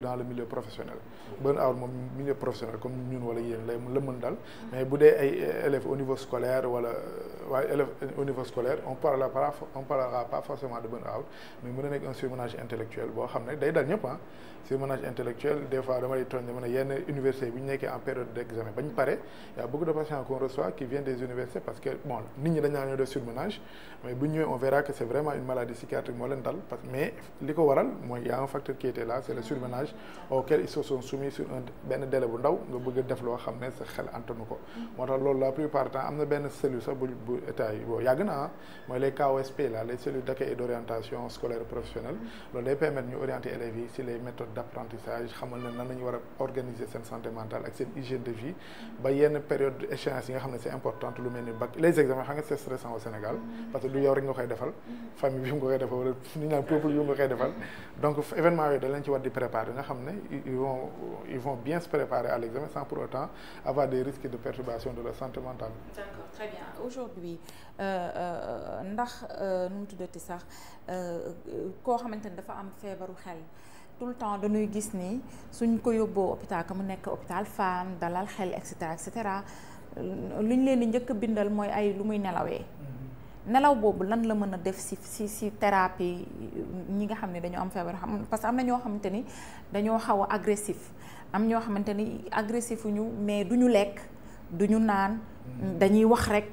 dans le milieu professionnel burn-out moom milieu professionnel comme ñun wala yéen la mën dal mais bu ay élèves au niveau scolaire wala euh, waaye au niveau scolaire on parlera pas forcément de burn-out mais mën nekk un surmenage intellectuel boo xam ne day dal ñëpp surmenage intellectuel des fois dama lay tooñ ne université bi ñu nekkee période d'examen bañ pare y beaucoup de patients qu'on reçoit qui viennent des universités parce que bon nit ñi parrainage auquel ils se sont sur un benn délai bu ndaw nga bëgg a def loo xam ne sa xel antanu ko moo tax loolu la plupart temps am na benn cellule sax bu état yi boo yàgg na ah, mooy les KOSP là les cellules d'accueil et d'orientation scolaire professionnelle loolu day permettre ñu orienter élèves yi si les méthodes d'apprentissage xamal na nan nañu war a seen santé ak seen hygiène de vie ba yenn période échéance yi nga xam ne c'est importante nga xam ne ils vont ils vont bien se préparer à l'examen sans pour autant avoir des risques de perturbation de leur santé mentale. D'accord, très bien aujourd'hui euh, euh, ndax euh, nu mu tuddati sax koo xamante ne dafa am feebaru xel. tout le temps dañuy gis ni suñ ko yóbboo hôpital que mu nekk hôpital Fann dalal xel et cetera et cetera luñ leen di njëkk bindal mooy ay lu muy nelawee. nelaw boobu lan la mën a def si si si thérapie ñi nga xam ne dañoo am feebar xam parce que am na ñoo xamante ni dañoo xaw a agressif am ñoo xamante ni agressif ñu mais du ñu lekk du ñu naan mm. dañuy wax rek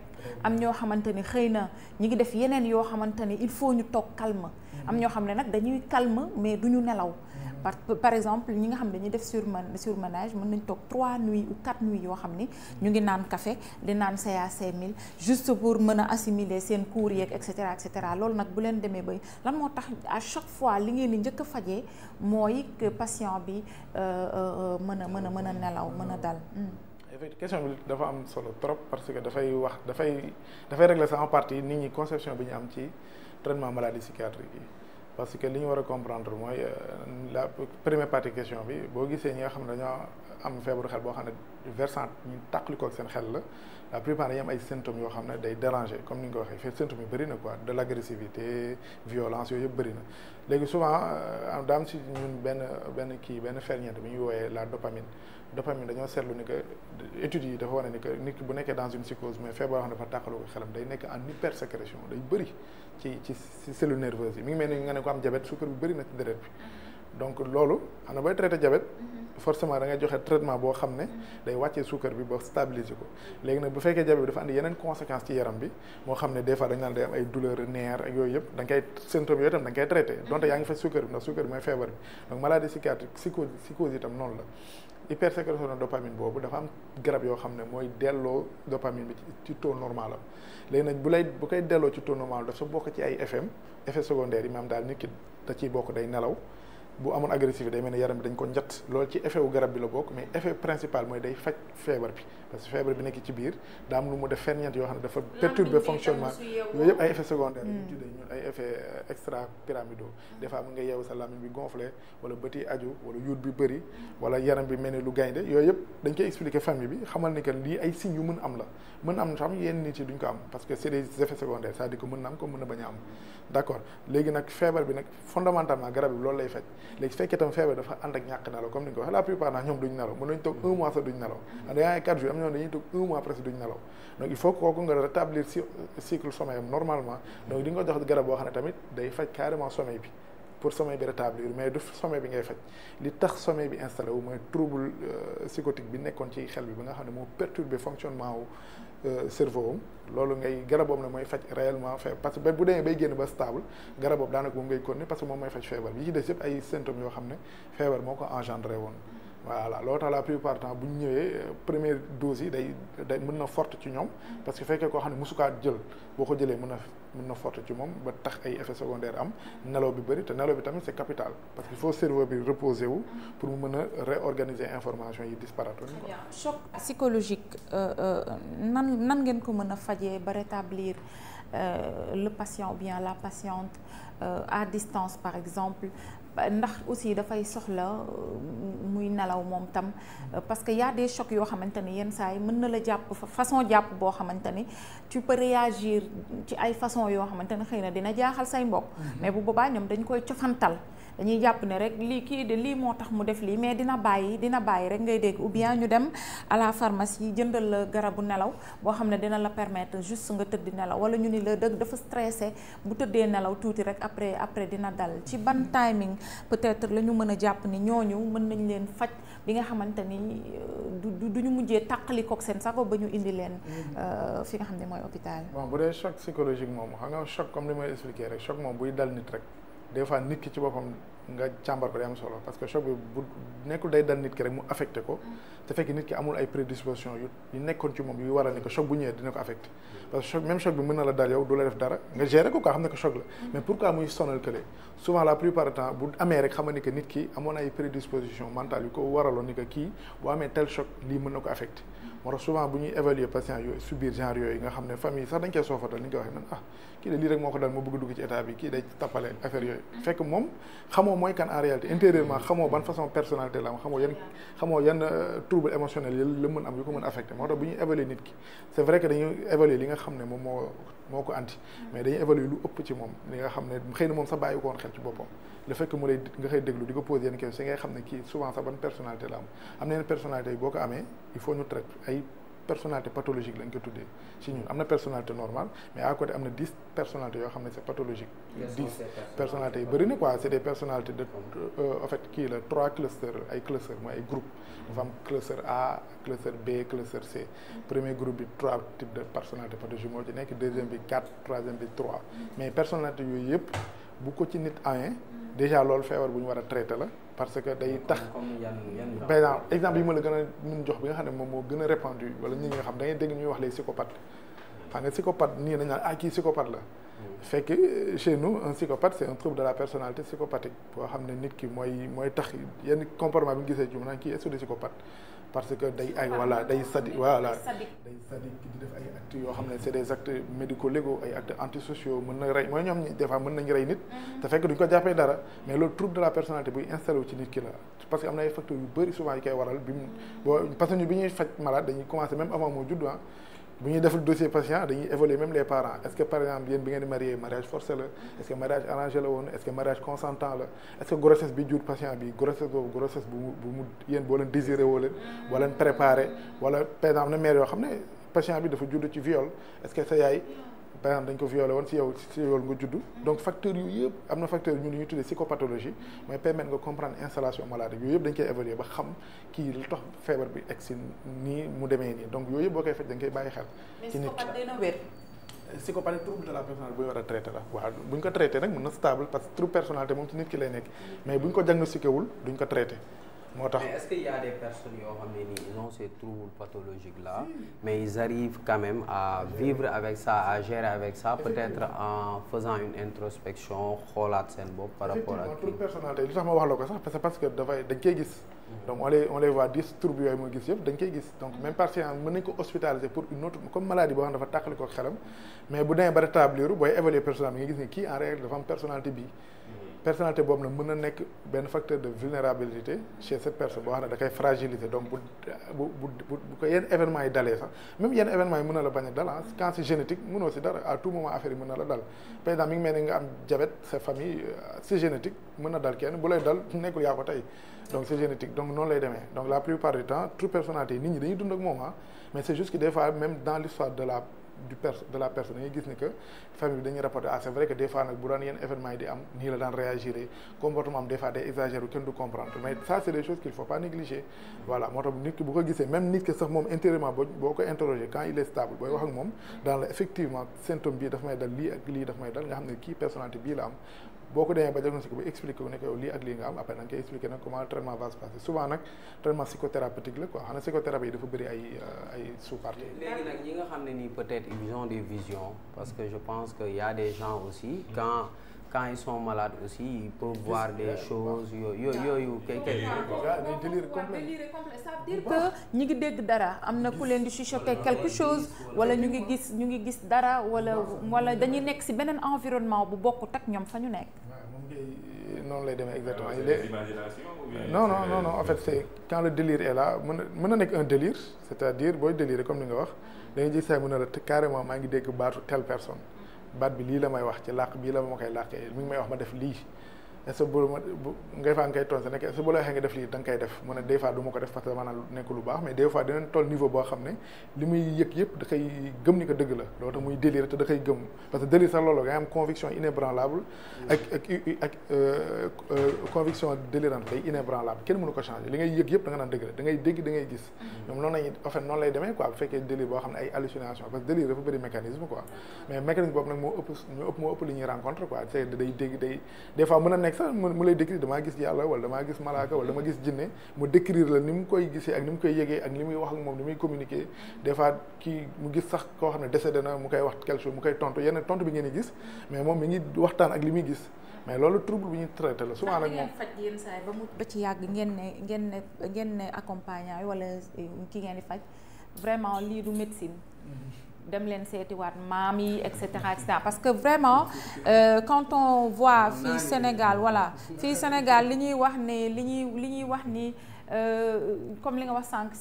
am ñoo xamante ni xëy na ñi ngi def yeneen yoo xamante ni il faut ñu toog calme mm. am ñoo xam ne nag dañuy calme mais du ñu nelaw mm. par par exemple ñi nga xam dañuy def surmen surmenage mën nañ toog trois nuits ou quatre nuits yoo xam ni ñu ngi naan café di naan CAC 1000 juste pour mën a assimiler seen cours yeeg et cetera et loolu nag bu leen demee ba lan moo tax à chaque fois li ngeen di njëkk faje mooy que patient bi euh, euh, mën a mën a mën a nelaw mën a dal. Hmm. question bi dafa am solo trop parce que dafay wax dafay dafay régler ça en partie nit ñi conception bi ñu am ci traitement maladie psychiatrique bi parce que li ñu war a comprendre mooy euh, la première partie question bi boo gisee ñi nga xam ne dañoo am feebaru xel boo xam ne versant ñu tàqali ko ak seen xel la la plupart dañuy ay symptômes yoo xam ne day déranger comme ni nga ko waxee fii symptômes yu bëri na léegi souvent daa euh, am benn kii benn ferñeent bi ñuy wooyee la dopamine dopamine dañoo seetlu ni que études yi dafa wane ni ki bu nekkee dans une psychose mais feebar yoo xam ne dafa tàqaloo xelam day nekk en hypersécrétion day bëri ci ci ci cellules nerveuses yi mi ngi mel ni nga ne ko am diabète su bi bëri na ci deret bi mm-hmm. donc loolu xam na booy traité diabète mm-hmm. forcément da ngay joxe traitement boo xam ne day wàccee suukar bi ba stabiliser ko léegi nag bu fekkee jabe bi dafa andi yeneen conséquence ci yaram bi moo xam ne des fois dañ naan day am ay douleur nerf ak yooyu yëpp da nga koy symptômes yooyu itam da nga donte yaa ngi faj suukar bi ndax suukar bi mooy feebar bi donc maladie psychiatrique psychose itam noonu la hypersécrétion de dopamine boobu dafa am garab yoo xam ne mooy delloo dopamine bi ci taux normal am léegi nag bu lay bu koy delloo ci taux normal dafa bokk ci ay FM effet secondaire yi maanaam daal nit ki da ciy bokk day nelaw bu amoon agressivité day mel ne yaram bi dañ ko njat lool ci effet wu garab bi la bokk mais effet principal mooy day faj feebar bi parce que feebar bi nekk ci biir daa lu mu def ferñeent yoo xam ne dafa perturber fonctionnement yooyu yëpp ay effet secondaire ñu mm. tuddee ñun ay effet euh, extra pyramidaux mm. des fois mun nga yeewu sa làmmiñ bi gonflé wala bët yi aju wala yuut bi bëri wala yaram bi mel ne lu gaynde yooyu yëpp dañ koy expliquer famille bi xamal ni que lii ay signes yu am la mën am xam yenn nit yi duñ am parce que c'est des effets secondaires mën na am ko mën na bañ a am d'accord nag feebar bi nag fondamentalement garab bi loolu lay faj léegi su fekkee tam feebar dafa ànd ak ñàkk nelaw comme ni nga ko waxee la plupart nag ñoom duñ nelaw mën nañ toog un duñ nelaw am yaa ngi quatre am ñoom dañuy toog un presque duñ nelaw donc il faut kooku nga rétablir cycle sommeil am normalement donc di jox garab boo ne tamit day faj carrément sommeil bi pour sommeil bi rétablir mais du sommeil bi ngay faj li tax sommeil bi installé wu mooy trouble euh, psychotique bi nekkoon ci xel bi ba nga xam ne moo perturbé fonctionnement wu Euh, cerveau am loolu ngay garabam la mooy faj réellement feebar parce que ba bu demee bay génn ba stable garabam daanaka moom ngay continuer parce que moom mooy faj feebar bi ci des yëpp ay symptômes yoo xam ne feebar moo ko engendré woon voilà loolu tax la plupart temps bu ñu ñëwee euh, première dose yi day day mën na forte ci ñoom mm-hmm. parce que fekkee koo xam ne musukaat jël boo ko jëlee mën na mën na forte ci moom ba tax ay effets secondaires am mm-hmm. nelaw bi bëri te nelaw bi tamit c'est capital parce que il faut cerveau bi reposer wu mm-hmm. pour mu mën a réorganiser information yi disparatoon quoi. choc psychologique euh, euh, nan nan ngeen ko mën a fajee ba rétablir le patient ou bien la patiente à distance par exemple ndax aussi dafay soxla euh, muy nelaw moom tam euh, parce que y a des chocs yoo xamante ni yenn saa yi mën na la jàpp façon jàpp boo xamante ni tu peux réagir ci ay façon yoo xamante ni xëy na dina jaaxal say mbokk mm-hmm. mais bu boobaa ñoom dañ koy cofantal dañuy jàpp ne rek lii kii de lii moo tax mu def lii mais dina bàyyi dina bàyyi rek ngay dégg ou bien ñu dem à la pharmacie jëndal la garabu nelaw boo xam ne dina la permettre juste nga tëdd nelaw wala ñu ni la dëgg dafa stressé bu tëddee nelaw tuuti rek après après dina dal ci ban timing peut-être la ñu mën a jàpp ni ñooñu mën nañ leen faj bi nga xamante ni euh, du du ñu mujjee tàqalikook seen sago ba ñu indi leen mm-hmm. euh, fi nga xam ne mooy hôpital bon bu dee choc psychologique moom xam rek des fois nit ki ci boppam nga càmbar ko day am solo parce que choc bi bu nekkul day dal nit ki rek mu affecté ko te fekk nit ki amul ay prédisposition yu yu nekkoon ci moom yu waral ni ko choc bu ñëwee dina ko affecté parce que choc même choc bi mën na la dal yow du la def dara nga gérer ko quoi xam ne que choc la mais pourquoi muy sonal kële souvent la plupart du temps bu amee rek xam nga ni que nit ki amoon ay prédisposition mentale yu ko waraloon ni que amee tel choc lii mën na ko moo tax souvent bu ñuy évaluer patient yooyu genre yooyu nga xam ne famille sax dañ koy soofatal ni ah, dal moo mm-hmm. en réalité am xamoo yan xamoo yan euh, trouble émotionnel am yu ko mën affecté moo tax bu ñuy évaluer nit ki nga xam ne moom moo moo ko anti mm-hmm. mais dañuy évaluer lu ëpp ci moom li nga xam ne xëy na moom sax bàyyi ko woon xel ci boppam le fekk que mu lay nga koy déglu di ko posé yenn question si ngay xam ne kii souvent sax ban personnalité la am am na yenn personnalité yi boo ko amee il faut ñu traite ay personnalité pathologique lañ ko tuddee si ñun am na personnalité normale mais à côté am na dix personnalités yoo xam ne c'est pathologique dix personnalités yi bëri na quoi c'est des personnalités de euh, en fait kii la trois clusters ay clusters mooy ay groupe dafa am cluster A B cluster C premier groupe de personnalité bi quatre troisième bi mais personnalité yëpp ko ci nit déjà loolu feebar bu ñu war a traité la parce que day tax par exemple yi ma la gën a mun jox bi nga xam ne moom moo gën a répandu wala ñi nga xam da ngay dégg ñuy wax les psychopathes xam nga psychopathe nii dañ naan ah, kii psychopathe la mm. fekk euh, chez nous un psychopathe c'est un trouble de la personnalité psychopathique boo xam ne nit ki mooy mooy tax yenn comportement bi ñu gisee ci mu naan kii est-ce que parce que day ay ah, voilà day sadi voilà day sadique di def ay actes yoo xam ne c'est des actes médico-légaux ay actes antisociaux mën na rey mooy ñoom ñi mën nañu rey nit mm-hmm. te fekk duñ ko jàppee dara mais loolu trouble de la personnalité buy installé wu ci nit ki la parce que am na ay yu bëri souvent yi koy waral bi mu parce que ñu bi ñuy faj malade dañuy commencer même avant moo judd ah bu ñuy deful dossier patient dañuy évaluer même les parents est-ce que par exemple yéen bi ngeen di marié mariage forcé la est-ce que mariage arrangé la woon est-ce que mariage consentant la est-ce que grossesse bi jur patient bi grossesse boobu grossesse bu mu bu boo leen désiré woo leen boo leen préparé wala par exemple na mère xam ne patient bi dafa judd ci viol est-ce que sa yaay par exemple dañ ko violé woon si yow si yow nga judd donc facteurs yu yëpp am na facteur ñu li ñuy tuddee psychopathologie mais permettre nga comprendre installation maladie yooyu yëpp dañ koy évaluer ba xam kii lu tax feebar bi egg si nii mu demee nii donc yooyu yëpp boo koy faj dañ koy bàyyi xel ci nit psychopathe trouble a traité ko traité nag mën na stable parce que trouble personnalité moom ci nit ki lay nekk mais bu ñu ko diagnostiqué wul duñ ko traité moo tax mais est-ce qu'il y a des personnes yoo xam ne nii ils ont ces troubles mais ils arrivent quand même à vivre avec ça à gérer avec ça peut-être en faisant une introspection xoolaat seen bopp par rapport ak trouble personnalité tax ma wax la ko sax c'est parce que dafay dañ koy gis mhm. donc on les on les voit dix troubles yooyu mooy gis yëpp dañ koy gis donc même patient mën nañ ko hospitaliser pour une autre comme maladie boo xam ne dafa tàqali ko xelam mais bu demee ba rétablir booy évaluer personnalité bi nga gis personnalité boobu nag mën na nekk benn facteur de vulnérabilité chez cette personne boo xam ne da koy fragiliser donc bu bu bu bu yenn événement yi dalee sax même yenn événement yi mën na la bañ a dal ah. quand c'est génétique mënoo si dara à tout moment affaire yi mën na la dal par exemple mi ngi mel ni nga euh, génétique mën na dal kenn bu lay dal nekkul yaa ko tey donc c'est génétique donc noonu lay demee donc la plupart du temps toute personnalité yi nit ñi dañuy dund ak moom ah. mais c'est juste que des fois dans l'histoire de la du per de la personne dañuy gis ni que famille bi dañuy rapporter ah c'est vrai que des fois nag bu daan yenn événement yi di am nii la daan réagir comportement am des fois day exagéré kenn du comprendre mais ça c'est des choses qu'il faut pas négliger voilà moo tax nit ki bu ko gisee même nit ki sax moom intérieurement boo ko interroger quand il est stable booy wax moom dans effectivement symptôme bii daf may dal lii ak lii daf may dal nga xam ne boo ko demee ba diagnostic bi expliqué wu ne ko yow lii nga am après da nga koy expliqué nag comment traitement souvent nag traitement psychothérapeutique la quoi xanaa psychothérapie yi dafa bëri ay ay sous parties. léegi nga xam ne peut-être ils ont des visions parce que je pense que y a des gens aussi quand. quand ils sont malades aussi ils peuvent voir des choses yooyu yooyu kay kay que ñu ngi dégg dara am na ku leen di chuchoter quelque chose wala ñu ngi gis ñu ngi gis dara wala wala dañuy nekk ci beneen environnement bu bokkut ak ñoom fa ñu nekk noonu lay demee exactement non non non non en fait c'est quand le délire est là mën na nekk un délire c'est-à-dire booy délire comme ni nga wax da ngay gis saay na la carrément maa ngi dégg baatu telle personne baat bi lii la may wax ci làq bii la ma koy làqee mi ngi may wax ma def lii est nekk est-ce la waxee nga def lii da nga def mu ne des fois du ko def parce que maanaam nekk lu baax mais des fois euh, euh, ko changer li ngay yëg yëpp da nga dëgg la gis mhm. ñoom noonu lay demee quoi bu fekkee délire boo xam ne ay hallucination parce que délire dafa bëri mécanisme quoi mais mécanisme boobu nag moo ëpp moo ëpp moo rencontre quoi c'est day dégg day des fois a nekk sa fois mu lay décrire damaa gis yàlla wala damaa gis malaaka wala dama gis jinne mu décrire la ni mu koy gisee ak ni mu koy yëgee ak li muy wax ak moom ni muy communiquer des fois kii mu gis sax koo xam ne décédé na mu koy wax quelque chose mu koy tontu yenn tontu bi ngeen di gis mais moom mi ngi waxtaan ak li muy gis mais loolu trouble bi ñu traité la souvent nag moom faj yenn ba ci yàgg ngeen ne ngeen ne ngeen ne accompagnant yi wala ki ngeen di faj vraiment lii du médecine mm-hmm. dem leen seetiwaat maam yi et cetera et parce que vraiment euh, quand on Sénégal voilà fii Sénégal li ñuy wax ne li ñuy li ñuy wax ni euh, comme li nga wax sànq